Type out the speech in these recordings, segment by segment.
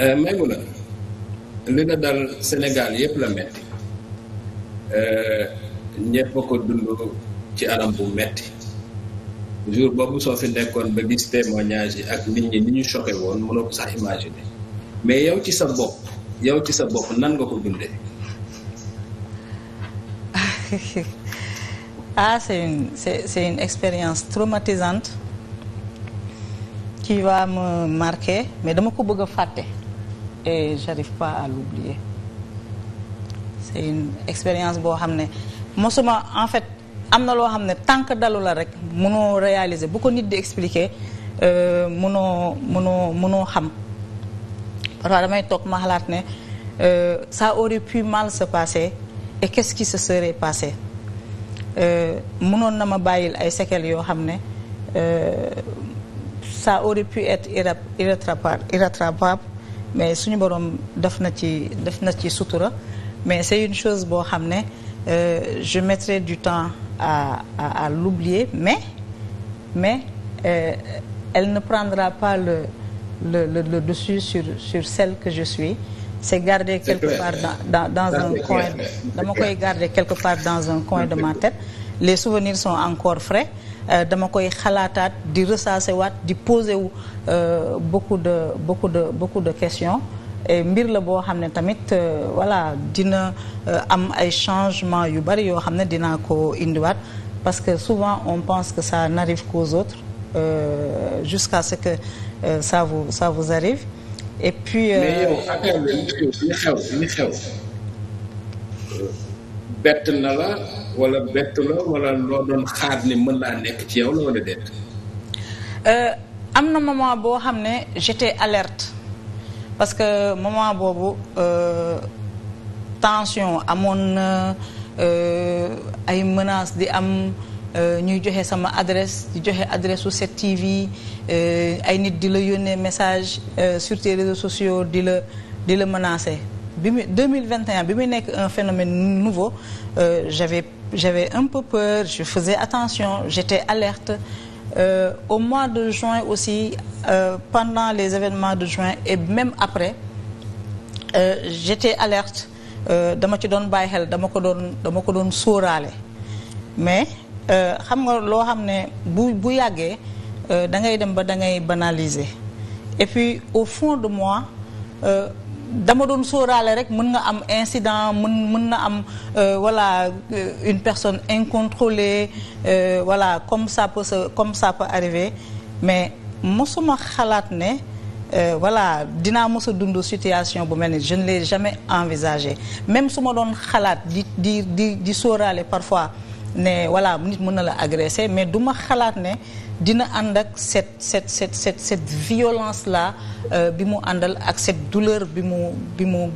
Euh, Maymuna li na dal Sénégal yëpp la metti euh, ñëpp ko dund ci anam bu metti jour boobu soo fi nekkoon ba gis témoignage yi ak nit ñi ni ñu choqué woon mënoo ko sax imaginer mais yow ci sa bopp yow ci sa bopp nan nga ko dundee. ah c'est une expérience traumatisante qui va me marquer mais dama ko bëgg a fàtte. et j'arrive pas à l'oublier c'est une expérience boo xam ne mosuma en fait am na loo xam ne tànk dalu la rek mënoo réaliser bu ko nit di expliquer euh, mënoo mënoo mënoo xam parfois damay toog ma xalaat ne euh, ça aurait pu mal se passer et qu'est-ce qui se serait passé euh, mënoon na ma bàyyil ay séquelles yoo xam ne ça aurait pu être irréparable irrétrapable mais suñu borom def na ci def na ci sutura mais c'est une chose boo xam ne euh, je mettrai du temps à à à l'oublier mais mais euh, elle ne prendra pas le le le, le dessus sur sur celle que je suis. c'est garder quelque part dans dans dans un coin dama koy garder quelque part dans un coin de ma tête. les souvenirs sont encore frais euh, dama koy xalaataat di ressasser waat di poser wu euh, beaucoup de beaucoup de de questions et mbir la boo xam ne tamit euh, voilà dina am ay changements yu bari yoo xam ne dinaa ko indiwaat parce que souvent on pense que ça n'arrive qu'aux autres euh, jusqu'à ce que ça vous arrive et puis. Euh, mais yow xew bett na la wala bettu la wala loo doon xaar ni mën naa nekk ci yow la wala déet. Euh, am na moment boo xam ne jete alerte parce que moment boobu euh, tension amoon na euh, ay menaces di am euh, ñuy joxe sama adresse di joxe adresse su 7TV euh, ay nit di la yónnee message sur tes réseaux sociaux di la di la menacer. bi mu 2021 bi muy nekk un phénomène nouveau euh, j'avais j'avais un peu peur je faisais attention j'étais alerte euh, au mois de juin aussi euh, pendant les événements de juin et même après euh, j'étais alerte euh, dama ci doon bàyyi xel dama ko doon dama ko doon sóoraale mais euh, xam nga loo xam ne bu bu yàggee da ngay dem ba da ngay banaliser et puis au fond de moi dama doon sóoraale rek mën nga am incident mën mën na am euh, voilà euh, une personne incontrôlée euh, voilà comme ça peut comme ça peut arriver mais mosuma xalaat ne Euh, voilà dinaa mos a dund situation bu mel ni je ne l'ai jamais envisagé même su ma doon xalaat di di di di sóoraale parfois ne voilà nit mën na la agressé mais du ma xalaat ne dina ànd ak cette cette cette cette cette violence là euh, bi mu àndal ak cette douleur bi mu bi mu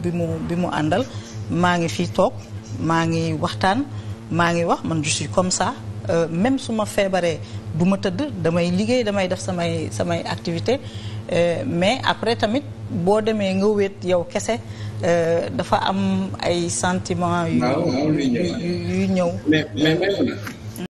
bi mu àndal maa ngi fi toog maa ngi waxtaan maa ngi wax man je suis comme ça Euh, même su ma feebaree du ma tëdd damay liggéey damay def samay samay activité euh, mais après tamit boo demee nga wéet yow kese euh, dafa am ay sentiment yu yu ñëw